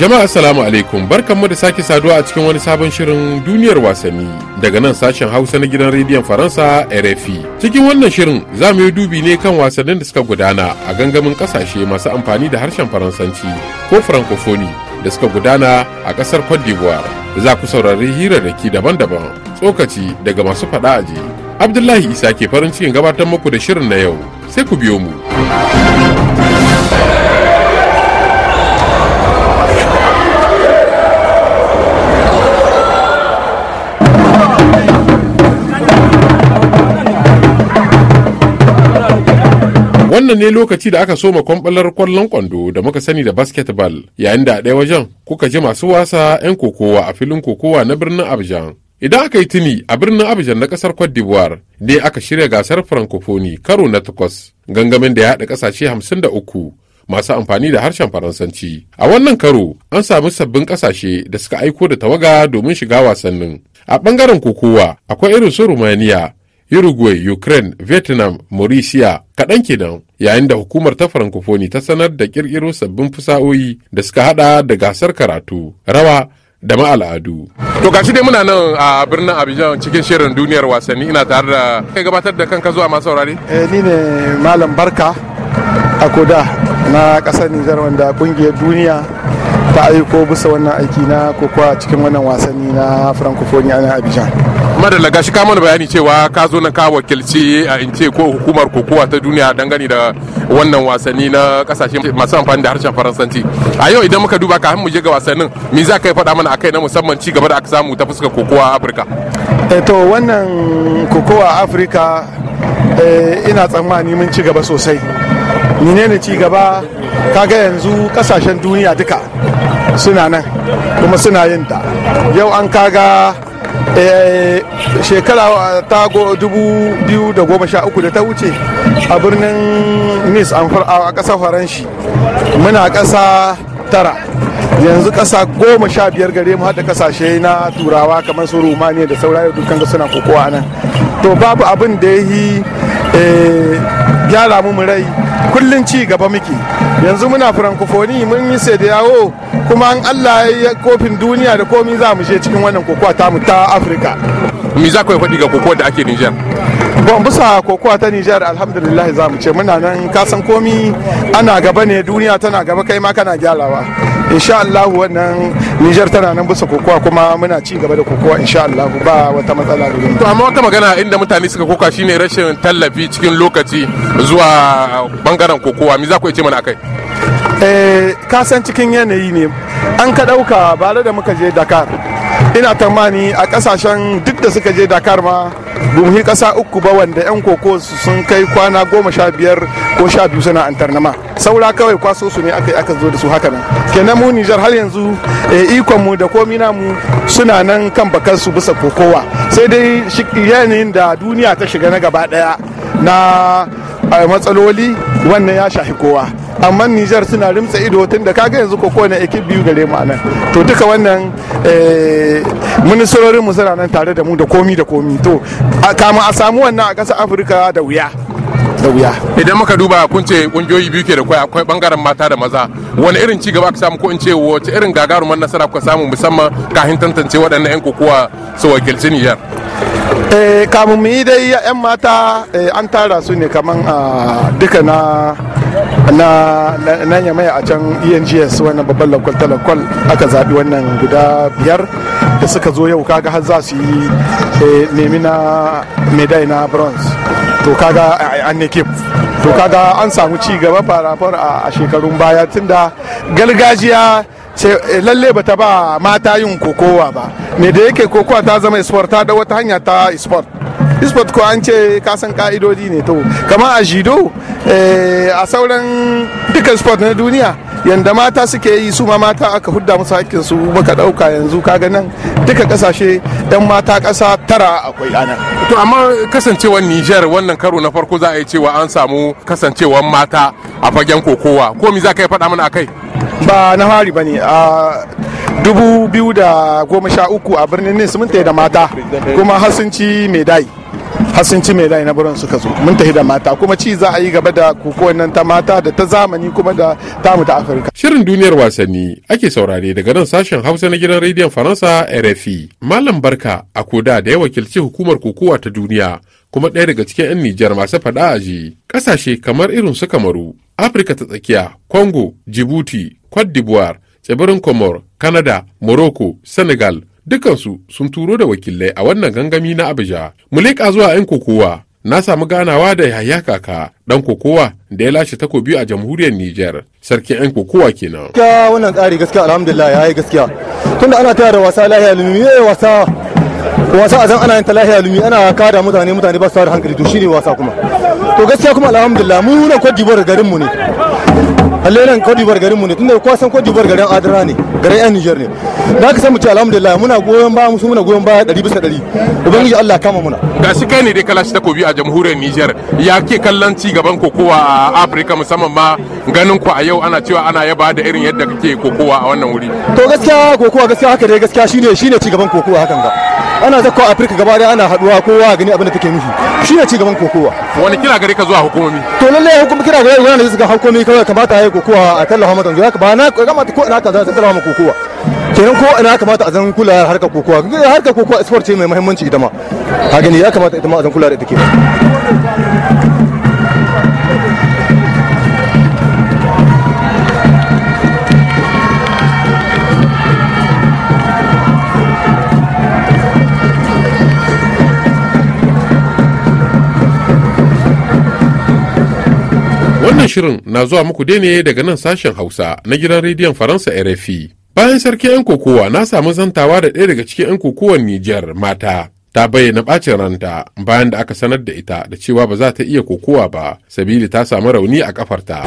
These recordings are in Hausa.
Jama'a assalamu alaikum barkanmu da sake saduwa a cikin wani sabon shirin duniyar wasanni daga nan sashen Hausa na gidan rediyon Faransa RFI. Cikin wannan shirin za mu yi dubi ne kan wasannin da suka gudana a gangamin kasashe masu amfani da harshen Faransanci ko francophone da suka gudana a kasar Cote d'Ivoire. Za ku saurari hirarraki daban-daban tsokaci daga masu faɗa je Abdullahi Isa ke farin cikin gabatar muku da shirin na yau sai ku biyo mu. Wannan ne lokaci da aka soma kwamɓalar kwallon kwando da muka sani da basketball yayin da a ɗaya wajen kuka ji masu wasa 'yan kokowa a filin kokowa na birnin Abidjan. Idan aka yi tuni a birnin Abidjan na ƙasar Cote d'Ivoire ne aka shirya gasar Francophonie karo na takwas gangamin da ya haɗa ƙasashe hamsin da uku masu amfani da harshen Faransanci. A wannan karo an sami sabbin ƙasashe da suka aiko da tawaga domin shiga wasannin. A ɓangaren kokowa akwai irin su Rumaniya Uruguay, Ukraine, Vietnam, Mauritius kaɗan kenan yayin da hukumar ta Francophonie ta sanar da ƙirƙiro sabbin fasahohi da suka haɗa da gasar karatu, rawa, da ma al'adu. To gashi dai muna nan a birnin Abidjan cikin shirin duniyar wasanni ina tare da kai gabatar da kanka zuwa masu saurare. Eh ni ne Malam Barka a Koda na ƙasar Nijar wanda kungiyar duniya ta aiko bisa wannan aiki na kokowa cikin wannan wasanni na francophonie na abidjan madalla gashi ka mana bayani cewa ka zo na ka wakilci a in ce ko hukumar kokowa ta duniya dangane da wannan wasanni na kasashe masu amfani da harshen faransanci a yau idan muka duba ka mu je ga wasannin me za ka yi faɗa mana a kai na musamman ci gaba da aka samu ta fuskar kokowa a afirka eh, to wannan kokowa a afirka eh, ina tsammani mun ci gaba sosai menene ci gaba kaga yanzu kasashen duniya duka suna nan kuma suna yin ta yau an kaga eh, shekara ta dubu biyu da goma sha uku da ta wuce a birnin nice a ƙasar faranshi muna ƙasa tara yanzu ƙasa goma sha biyar gare mu hada ƙasashe na turawa kamar su rumaniya da saura dukkan suna kokowa nan to babu abin da ya yi eh, gyara mu rai kullum ci gaba muke yanzu muna frankofoni mun yi yawo kuma an allah ya kofin duniya da komi za mu je cikin wannan kokowa mu ta afirka me za ku faɗi ga kokowa da ake nijar Bon bisa kokowa ta Nijar alhamdulillah za mu ce muna nan kasan komi ana gaba ne duniya tana gaba kai ma kana gyalawa. Insha Allah wannan Nijar tana nan bisa kokowa kuma muna ci gaba da kokowa insha Allah ba wata matsala da To amma wata magana inda mutane suka koka shine rashin tallafi cikin lokaci zuwa bangaren kokowa me za ku ce mana akai? Eh kasan cikin yanayi ne an ka dauka ba da muka je Dakar ina tamani a kasashen duk da suka je Dakar ma buhi kasa uku ba wanda yan koko sun kai kwana goma sha biyar ko sha biyu suna antarnama saura kawai kwaso su ne aka aka zo da su haka nan kenan mu Nijar har yanzu eh, ikon mu da komi mu suna nan kan bakar su bisa kokowa sai dai yanayin da duniya ta shiga na gaba daya na eh, matsaloli wannan ya shafi kowa amma Nijar suna rimtsa ido tun da kaga yanzu koko na ekip biyu gare mu anan to duka wannan eh, ministrorin mu suna nan tare da mu da komi da komi to kama a samu wannan a ƙasar Afirka da wuya da wuya idan muka duba kun ce kungiyoyi biyu ke da kwai akwai bangaren mata da maza wani irin ci gaba aka samu ko in ce wace irin gagarumar nasara kuka samu musamman kahin tantance waɗannan 'yan kokowa su wakilci Nijar eh kamun mu yi dai yan mata eh, an tara su ne kaman a ah, duka na na na a can engs wannan babban lakwal talakwal aka zaɓi wannan guda biyar da suka zo yau kaga har za su yi eh, nemi na medai na bronze to kaga eh, an ne to kaga an samu ci gaba fara a shekarun baya tunda galgajiya. sai eh, lalle ba ta ba mata yin kokowa ba me da yake kokowa ta zama sport ta da wata hanya ta sport sport ko an ce kasan ka'idodi ne to kama a jido eh, a sauran dukkan sport na duniya yanda mata suke yi su ma mata aka hudda musu hakkin su baka ɗauka yanzu kaga nan duka kasashe ɗan mata kasa tara akwai anan to amma kasancewar Niger wannan karo na farko za a yi cewa an samu kasancewar mata a fagen kokowa ko mi za ka yi faɗa mana akai ba na hari bane a dubu biyu da goma sha uku a birnin nis mun da mata kuma hasunci mai dai. har sun ci mai layi na buran suka zo mun tafi da mata kuma ci za a yi gaba da kokowar nan ta mata da ta zamani kuma da tamu ta afirka shirin duniyar wasanni ake saurare daga nan sashen hausa na gidan rediyon faransa rfi malam barka a koda da ya wakilci hukumar kokowa ta duniya kuma ɗaya daga cikin 'yan nijar masu faɗa aji ƙasashe kamar irin su kamaru afirka ta tsakiya congo djibouti cote d'ivoire tsibirin comor canada morocco senegal dukansu sun turo da wakilai a wannan gangami na abuja mu leƙa zuwa 'yan kokowa na samu ganawa da yahaya kaka dan kokowa da ya lashe takobi a jamhuriyar niger sarkin 'yan kokowa kenan ga wannan tsari gaskiya alhamdulillah yayi gaskiya tunda ana tayar da wasa lahiya lumi eh, wasa wasa a zan ana yin ta lahiya lumi ana kada mutane mutane ba su tara hankali to shine wasa kuma to gaskiya kuma alhamdulillah mu na kwadibar garinmu ne lalle nan Cote d'Ivoire mu ne tunda kowa san Cote d'Ivoire garin ne garin yan Niger ne da ka san mu ce alhamdulillah muna goyon baya musu muna goyon baya 100 bisa 100 ubangiji Allah kama muna shi kai ne dai kalashi takobi a jamhuriyar Niger ya ke kallon ci gaban kokowa a Afirka musamman ma ganin ku a yau ana cewa ana yaba da irin yadda kake kokowa a wannan wuri to gaskiya kokowa gaskiya haka dai gaskiya shine shine ci gaban kokowa hakan ga ana zakko afirka gaba daya ana haduwa kowa gani abin da take nufi shi ne cigaban kokowa wani kira gare ka zuwa hukumomi to lalle hukumomi kira gare ne da suka hukumomi kawai kamata yayi kokowa a tallafa mata yanzu ba na kamata ko ina ka za ta tallafa mata kokowa kenan ko ina kamata a zan kula harkar kokowa harkar kokowa sport ce mai muhimmanci ita ma ka gani ya kamata ita ma a zan kula da ita kenan shirin na zuwa muku dai ne daga nan sashen Hausa na gidan rediyon Faransa RFI. Bayan sarki 'yan kokowa na samu zantawa da ɗaya daga cikin 'yan kokowar Nijar mata ta bayyana ɓacin ranta bayan da aka sanar da ita da cewa ba za ta iya kokowa ba sabili ta samu rauni a kafarta.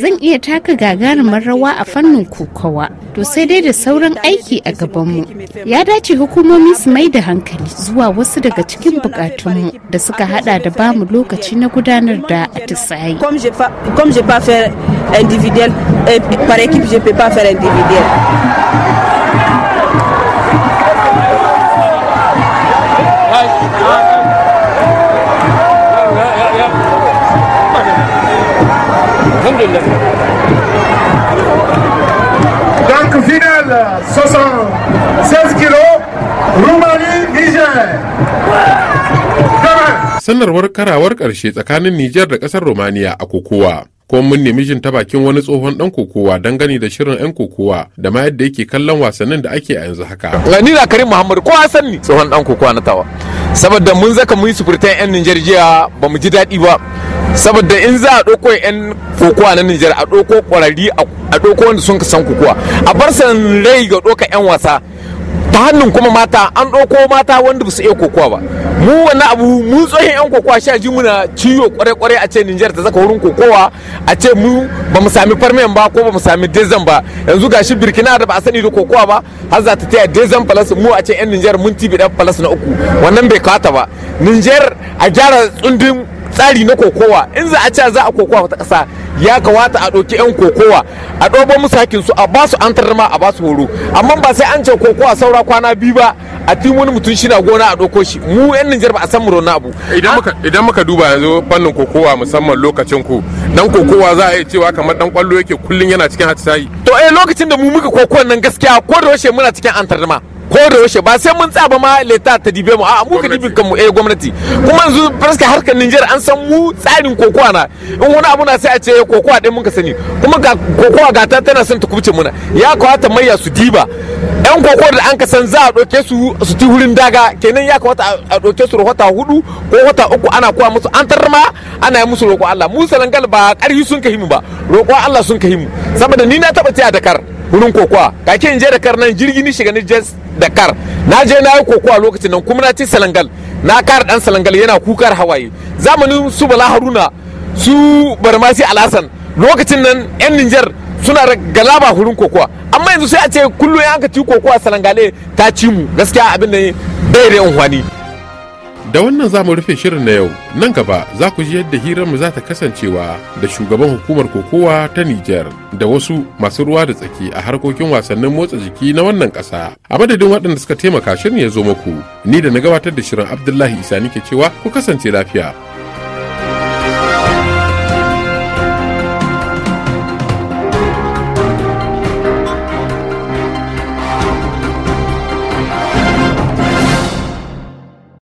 Zan iya taka gagarumin rawa a fannin kokowa, to sai dai da sauran aiki a gabanmu. Ya dace hukumomi su mai da hankali zuwa wasu daga cikin bukatunmu da suka hada da bamu lokaci na gudanar da atisaye. Alhamdulillah. Donc 76 kilos Roumanie Niger. Sanarwar karawar ƙarshe tsakanin Nijar da kasar Romania a kokowa. ko mun nemi jin ta bakin wani tsohon dan kokowa dangane da shirin yan kokowa da ma yadda yake kallon wasannin da ake a yanzu haka. Ni na Karim Muhammad ko san ni tsohon dan kokowa na tawa. Saboda mun zaka mun sufurtan yan Nijar jiya ba mu ji daɗi ba. saboda in za a ɗauko 'yan kokowa na Nijar a ɗauko ƙwararri a ɗauko wanda sun san kokowa a bar san rai ga ɗauka 'yan wasa ta hannun kuma mata an ɗauko mata wanda ba su iya kokowa ba mu wani abu mu tsohon 'yan kokowa sha ji muna ciwo kwarai-kwarai a ce Nijar ta zaka wurin kokowa a ce mu ba mu sami farmen ba ko ba mu sami dezan ba yanzu gashi birkina da ba a sani da kokowa ba har za ta taya dezan falas mu a ce 'yan Nijar mun tibi da falas na uku wannan bai kawata ba Nijar a gyara tsundin tsari na kokowa in za a ce za a kokowa ta ƙasa ya kawata a ɗauki 'yan kokowa a ɗobo musu hakin su a ba su an tarma a ba su horo amma ba sai an ce kokowa saura kwana biyu ba a tin wani mutum shi na gona a ɗauko shi mu 'yan Nijar ba a san mu abu. Idan muka duba yanzu fannin kokowa musamman lokacin ku dan kokowa za a iya cewa kamar dan kwallo yake kullum yana cikin hatsayi. To eh lokacin da mu muka kokowan nan gaskiya ko da yaushe muna cikin an tarma. ko da yaushe ba sai mun tsaba ma leta ta dibe mu a mu ka dibin kanmu eh gwamnati kuma yanzu fuskar harkar Niger an san mu tsarin kokowa na in wani abu na sai a ce eh, kokowa din muka sani kuma ga kokowa ga ta tana son ta kubce muna ya kawata mayya su diba yan kokowa da an ka san za a doke su su ti hurin daga kenan ya kawata a doke su rahota hudu ko wata uku ana kuwa musu an tarma ana yi musu roƙo Allah Musa salangal ba ƙarfi sun kahimu ba roƙo Allah sun kahimu saboda ni na taba a Dakar wurin kokowa kake in je da kar nan jirgi ni shiga ni jes da kar na je na yi kokowa lokacin nan kuma na ci salangal na kar dan salangal yana kukar hawaye zamanin su bala haruna su barmasi alhassan lokacin nan yan nijar suna da galaba hurin kokowa amma yanzu sai a ce kullum ya ci kokowa salangale ta ci mu gaskiya abin da bai da yan da wannan za mu rufe shirin na yau nan gaba za ku ji yadda mu za ta kasancewa da shugaban hukumar kokowa ta niger da wasu masu ruwa da tsaki a harkokin wasannin motsa jiki na wannan ƙasa a madadin waɗanda suka taimaka shirin ya zo muku ni da na gabatar da shirin abdullahi isa nike cewa ku kasance lafiya